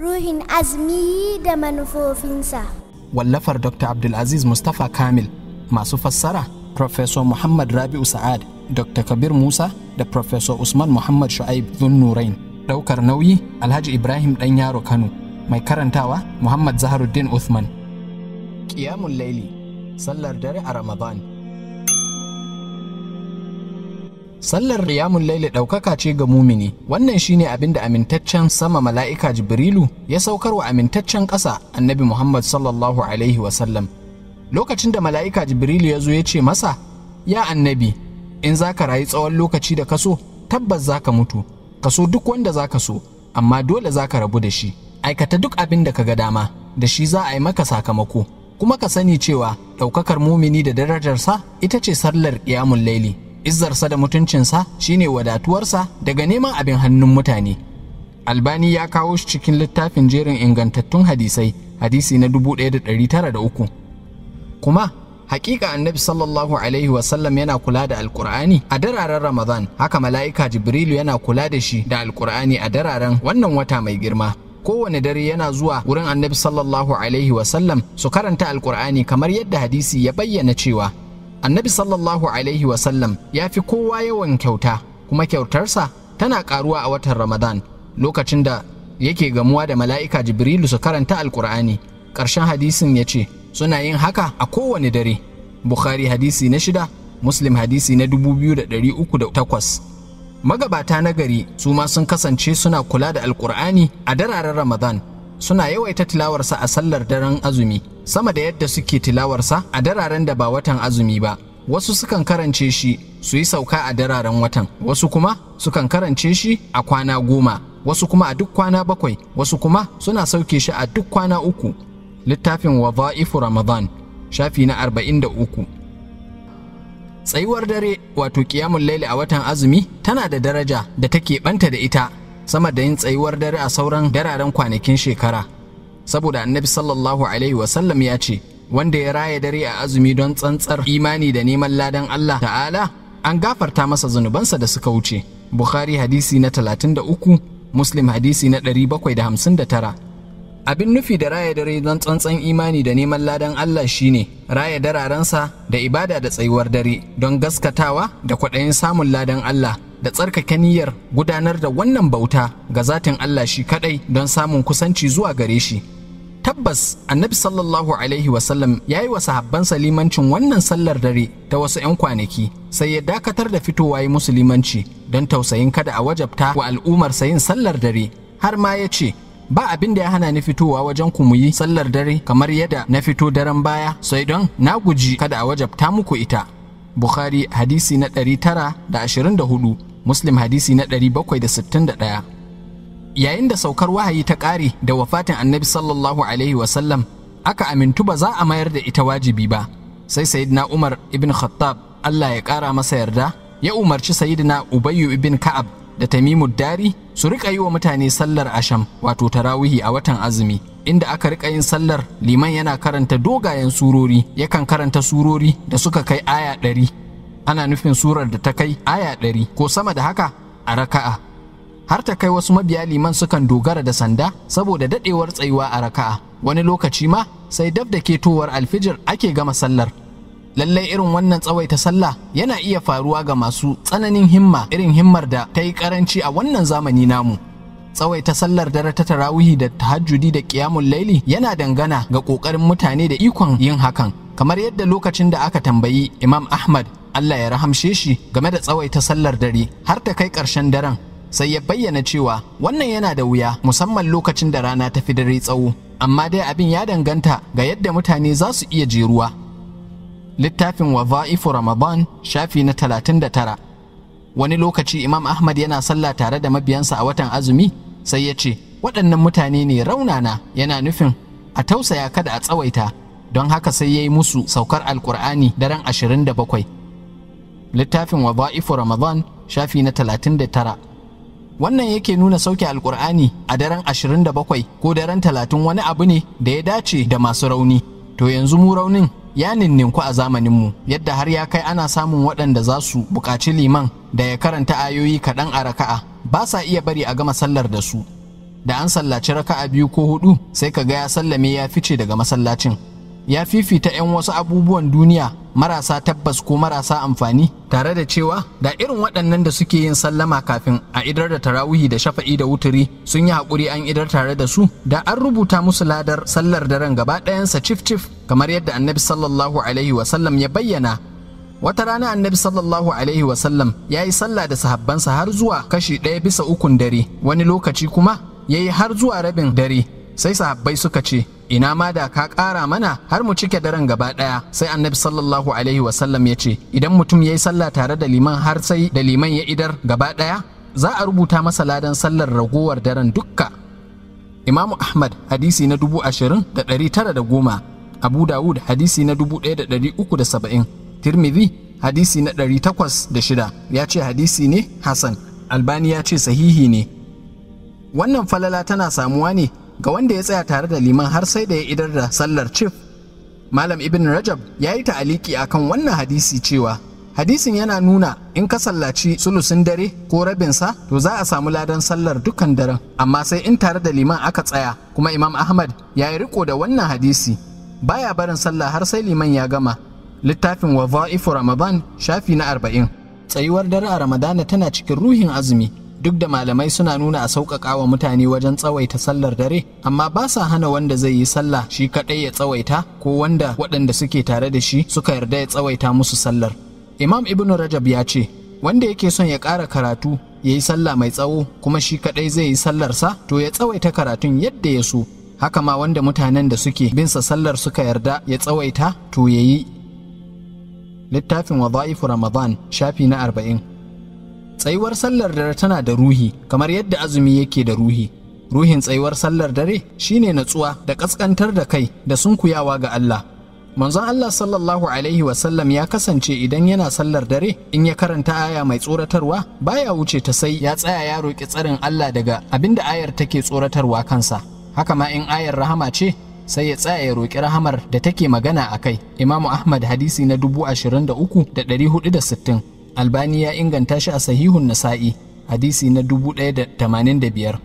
ruhin azumi da manufofinsa. Wallafar Dr. Abdulaziz Mustapha Kamil masu fassara Professor Muhammad Rabi'u Sa'ad, Dr. Kabir Musa da Professor Usman Muhammad Shu'aib Zunnurain. Daukar nauyi Alhaji Ibrahim Ɗan Yaro Kano, mai karantawa Muhammad Zaharuddin Uthman. Ƙiyamun Laili, sallar dare a Ramadan. Sallar riyamun laili ɗaukaka ce ga mumini, wannan shine abin da amintaccen sama mala'ika Jibrilu ya saukar wa amintaccen ƙasa annabi Muhammad sallallahu Alaihi wasallam. Lokacin da mala'ika Jibrilu ya zo ya ce masa, Ya annabi, in za ka rayu tsawon lokaci da kaso, tabbas za ka mutu, kaso duk wanda za ka so, amma dole za ka rabu da shi. Aikata duk abin da ka ga dama, da shi za a yi maka sakamako, kuma ka sani cewa ɗaukakar mumini da darajarsa ita ce sallar ƙiyamun laili. izzarsa da mutuncinsa shine wadatuwarsa daga neman abin hannun mutane albani ya kawo shi cikin littafin jerin ingantattun hadisai hadisi na dubu ɗaya da da ɗari tara uku. kuma hakika annabi sallallahu alaihi wasallam yana kula da alkur'ani a dararen ramadan haka mala'ika jibrilu yana kula da shi da alkur'ani a dararen wannan wata mai girma kowane dare yana zuwa wurin annabi sallallahu alaihi wasallam su karanta alkur'ani kamar yadda hadisi ya bayyana cewa annabi sallallahu alaihi wasallam ya fi kowa yawan kyauta kuma kyautarsa tana ƙaruwa a watan ramadan lokacin da yake gamuwa da mala'ika jibrilu su karanta alkur'ani ƙarshen hadisin ya ce suna yin haka a kowane dare bukhari hadisi na shida muslim hadisi na 2308 magabata na gari su ma sun kasance suna kula da alkur'ani a dararen ramadan suna yawaita tilawarsa a sallar daren azumi sama da yadda suke tilawarsa a dararen da ba watan azumi ba wasu sukan karance shi su yi sauka a dararen watan wasu kuma sukan karance shi a kwana goma wasu kuma a duk kwana bakwai wasu kuma suna sauke shi a duk kwana uku littafin wadha'ifu ramadan shafi na arba'in da uku. tsayuwar dare wato ƙiyamun laili a watan azumi tana da daraja da take ɓanta da ita sama da yin tsayuwar dare a sauran dararen kwanakin shekara saboda annabi sallallahu alaihi wasallam ya ce wanda ya raya dare a azumi don tsantsar imani da neman ladan Allah ta'ala an gafarta masa zunubansa da suka wuce Bukhari hadisi na 33 Muslim hadisi na 759 abin nufi da raya dare don tsantsan imani da neman ladan Allah shine raya dararensa da ibada da tsayuwar dare don gaskatawa da kwaɗayin samun ladan Allah da tsarkake niyyar gudanar da wannan bauta ga zatin Allah shi kaɗai don samun kusanci zuwa gare shi tabbas annabi sallallahu alaihi wasallam ya yi wa sahabbansa limancin wannan sallar dare ta wasu 'yan kwanaki sai ya dakatar da fitowa yi musu limanci don tausayin kada a wajabta wa al'ummar sayin sallar dare har ma ya ce ba abin da ya hana ni fitowa wajen ku muyi sallar dare kamar yadda na fito daren baya sai don na guji kada a wajabta muku ita Bukhari hadisi na 924 Muslim hadisi na 761 yayin da saukar wahayi ta ƙare da wafatin annabi sallallahu alaihi wasallam aka amintu ba za a mayar da ita wajibi ba sai sayyidina Umar ibn Khattab Allah ya kara masa yarda ya umarci sayyidina Ubayyu ibn Ka'ab da tamimu dari su rika yi wa mutane sallar asham wato tarawihi a watan azumi inda aka rika yin sallar liman yana karanta dogayen surori yakan karanta surori da suka kai aya ɗari ana nufin surar da ta kai aya ɗari ko sama da haka a raka'a har ta kai wasu mabiya liman sukan dogara da sanda saboda daɗewar tsayuwa a raka'a wani lokaci ma sai dab da ketowar alfijir ake gama sallar lallai irin wannan tsawaita sallah yana iya faruwa ga masu tsananin himma irin himmar da ta yi karanci a wannan zamani namu tsawaita sallar dare ta tarawihi da tahajjudi da kiyamun laili yana dangana ga ƙoƙarin mutane da ikon yin hakan kamar yadda lokacin da aka tambayi imam ahmad allah ya rahamshe shi game da tsawaita sallar dare har ta kai ƙarshen daren sai ya bayyana cewa wannan yana da wuya musamman lokacin da rana ta fi dare tsawo amma dai abin ya danganta ga yadda mutane za su iya jeruwa littafin waza'ifu ramadan shafi na 39 wani lokaci imam ahmad yana sallah tare da mabiyansa a watan azumi sai ya ce waɗannan mutane ne raunana yana nufin a tausaya kada a tsawaita don haka sai ya yi musu saukar alkur'ani daren 27 littafin waza'ifu ramadan shafi na 39 wannan yake nuna sauke alkur'ani a daren 27 ko daren 30 wani abu ne da ya dace da masu rauni to yanzu mu raunin ya ninninku a zamaninmu yadda har ya kai ana samun waɗanda za su buƙaci liman da ya karanta ayoyi kaɗan a raka'a ba sa iya bari a gama sallar da su da an sallaci raka'a biyu ko hudu sai ka ga ya sallame ya fice daga masallacin ya fifita 'yan wasu abubuwan duniya marasa tabbas ko marasa amfani tare da cewa da irin waɗannan da suke yin sallama kafin a idar da tarawihi da shafa'i da wuturi sun yi haƙuri an idar tare da su da an rubuta musu ladar sallar daren gaba ɗayansa cif cif kamar yadda annabi sallallahu alaihi wasallam ya bayyana wata rana annabi sallallahu alaihi wasallam ya yi sallah da sahabbansa har zuwa kashi ɗaya bisa ukun dare wani lokaci kuma ya yi har zuwa rabin dare sai sahabbai suka ce ina ma da ka ƙara mana har mu cike daren gaba ɗaya sai annabi sallallahu alaihi wasallam ya ce idan mutum ya yi sallah tare da liman har sai da liman ya idar gaba ɗaya za a rubuta masa ladan sallar ragowar daren dukka imamu ahmad hadisi na dubu ashirin da ɗari tara da goma abu dawud hadisi na dubu ɗaya da ɗari uku da saba'in tirmidhi hadisi na ɗari takwas da shida ya ce hadisi ne hassan albani ya ce sahihi ne wannan falala tana samuwa ne ga wanda ya tsaya tare da liman har sai da ya idar da sallar cif malam ibn rajab ya yi ta'aliki akan wannan hadisi cewa hadisin yana nuna in ka sallaci sulusin dare ko rabinsa to za a samu ladan sallar dukkan daren amma sai in tare da liman aka tsaya kuma imam ahmad ya yi riko da wannan hadisi baya barin sallah har sai liman ya gama littafin wa ramadan shafi na arba'in tsayuwar dare a ramadana tana cikin ruhin azumi duk da malamai suna nuna a sauƙaƙa wa mutane wajen tsawaita sallar dare amma ba sa hana wanda zai yi sallah shi kaɗai ya tsawaita ko wanda waɗanda suke tare da shi suka yarda ya tsawaita musu sallar imam ibnu rajab ya ce wanda yake son ya ƙara karatu ya yi sallah mai tsawo kuma shi kaɗai zai yi sallar sa, to ya tsawaita karatun yadda ya so haka ma wanda mutanen da suke binsa sallar suka yarda ya tsawaita to ya yi littafin wada'ifu ramadan shafi na arba'in tsayuwar sallar dare tana da ruhi kamar yadda azumi yake da ruhi ruhin tsayuwar sallar dare shine natsuwa da ƙasƙantar da kai da sunkuyawa ga Allah manzon Allah sallallahu alaihi wasallam ya kasance idan yana sallar dare in ya karanta aya mai tsoratarwa baya wuce ta sai ya tsaya ya roƙi tsarin Allah daga abin da ayar take tsoratarwa kansa haka ma in ayar rahama ce sai ya tsaya ya roƙi rahamar da take magana a kai imamu ahmad hadisi na dubu ashirin da da da uku hudu ɗari sittin. albani ya inganta shi a sahihun nasa'i hadisi na dubu da da tamanin biyar.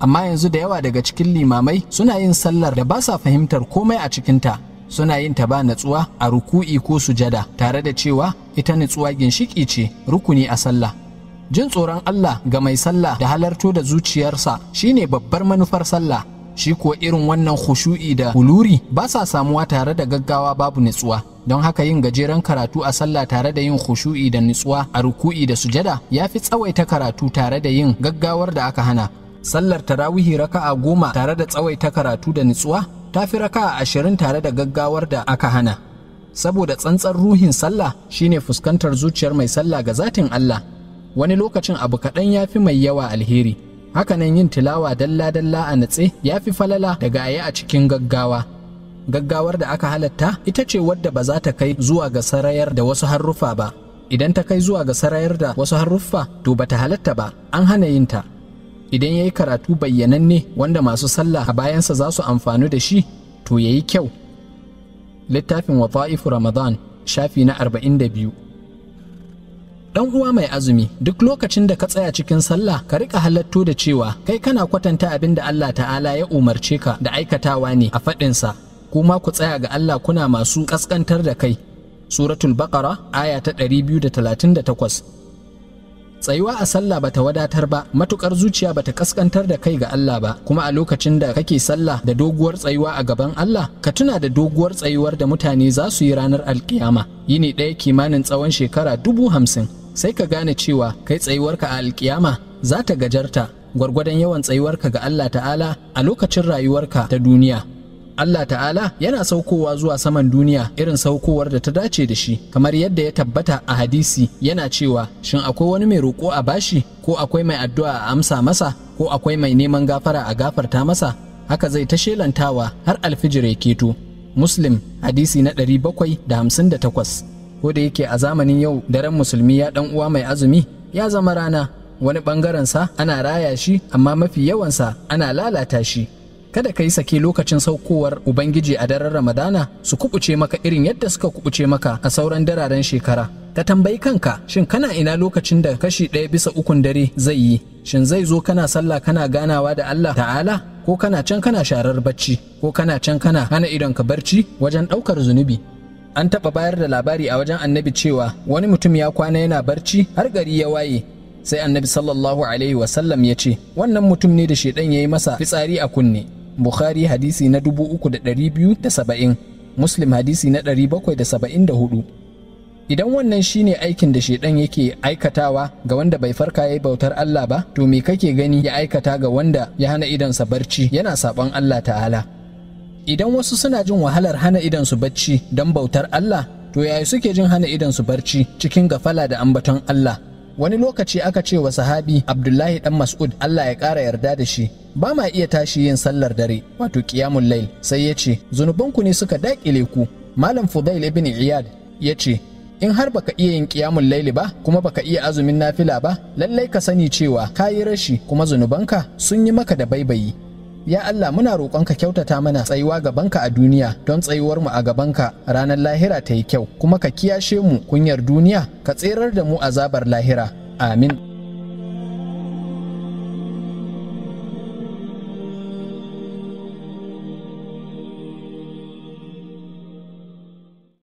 amma yanzu da yawa daga cikin limamai suna yin sallar da ba sa fahimtar komai a cikinta suna yin ta ba natsuwa a ruku'i ko sujada tare da cewa ita natsuwa ginshiki ce rukuni a sallah jin tsoron Allah ga mai sallah da halarto da zuciyarsa shine babbar manufar sallah shi ko irin wannan khushu'i da huluri ba sa samuwa tare da gaggawa babu natsuwa don haka yin gajeren karatu a sallah tare da yin khushu'i da nutsuwa a ruku'i da sujada ya fi tsawaita karatu tare da yin gaggawar da aka hana sallar tarawihi raka'a goma tare da tsawaita karatu da nutsuwa ta fi raka'a ashirin tare da gaggawar da aka hana saboda tsantsar ruhin sallah shine fuskantar zuciyar mai sallah ga zatin Allah wani lokacin abu kaɗan ya fi mai yawa alheri hakanan yin tilawa dalla-dalla a natse ya fi falala daga ayi a cikin gaggawa gaggawar da aka halatta ita ce wadda ba za ta kai zuwa ga sarayar da wasu harufa ba idan ta kai zuwa ga sarayar da wasu haruffa to ba ta halatta ba an hana yin ta idan ya yi karatu bayyananne wanda masu sallah a bayansa za su amfani da shi to ya yi kyau littafin wata'ifu ramadan shafi na 42 dan uwa mai azumi duk lokacin da ka tsaya cikin sallah ka rika halatto da cewa kai kana kwatanta abin da Allah ta'ala ya umarce ka da aikatawa ne a faɗinsa ku ma ku tsaya ga Allah kuna masu kaskantar da kai suratul baƙara aya ta 238 tsayuwa a sallah bata wadatar ba Matuƙar zuciya bata kaskantar da kai ga Allah ba kuma a lokacin da kake sallah da doguwar tsayuwa a gaban Allah ka tuna da doguwar tsayuwar da mutane za su yi ranar alkiyama ne ɗaya kimanin tsawon shekara dubu hamsin sai ka gane cewa kai tsayuwarka a alkiyama za ta gajarta gwargwadon yawan tsayuwarka ga Allah ta'ala a lokacin rayuwarka ta duniya Allah ta'ala yana saukowa zuwa saman duniya irin saukowar da ta dace da shi kamar yadda ya tabbata a hadisi yana cewa shin akwai wani mai roƙo a bashi ko akwai mai addu'a a amsa masa ko akwai mai neman gafara a gafarta masa haka zai ta shelantawa har alfijir ya keto muslim hadisi na 758 ko da yake a zamanin yau daren musulmi ya ɗan uwa mai azumi ya zama rana wani bangaren sa ana raya shi amma mafi yawansa ana lalata shi kada ka yi sake lokacin saukowar ubangiji a daren ramadana su kubuce maka irin yadda suka kubuce maka a sauran dararen shekara ka tambayi kanka shin kana ina lokacin da kashi ɗaya bisa ukun dare zai yi shin zai zo kana sallah kana ganawa da Allah ta'ala ko kana can kana sharar bacci ko kana can kana hana idon idonka barci wajen ɗaukar zunubi an taɓa bayar da labari a wajen annabi cewa wani mutum ya kwana yana barci har gari ya waye sai annabi sallallahu alaihi wasallam ya ce wannan mutum ne da shaidan ya yi masa fitsari a kunne bukhari hadisi na dubu uku da da biyu saba'in, muslim hadisi na bakwai da da saba'in hudu. idan wannan shine aikin da shaiɗan yake aikatawa ga wanda bai farka ya bautar Allah ba to me kake gani ya aikata ga wanda ya hana idansa barci yana saɓon Allah ta'ala idan wasu suna jin wahalar hana idansu barci don bautar Allah to yaya suke jin hana idansu barci cikin gafala da ambaton Allah wani lokaci aka ce wa sahabi abdullahi dan mas'ud allah ya ƙara yarda da shi ba ma iya tashi yin sallar dare wato qiyamul lail sai ya ce zunubanku ne suka daƙile ku malam fudail ibn iyad ya ce in har baka iya yin qiyamul laili ba kuma baka iya azumin nafila ba lallai ka sani cewa ka yi rashi kuma zunubanka sun yi maka da baibayi Ya Allah muna roƙonka kyautata mana tsayuwa gabanka a duniya don tsayuwar mu a gabanka ranar lahira ta yi kyau kuma ka kiyashe mu kunyar duniya ka tserar da mu azabar lahira. Amin.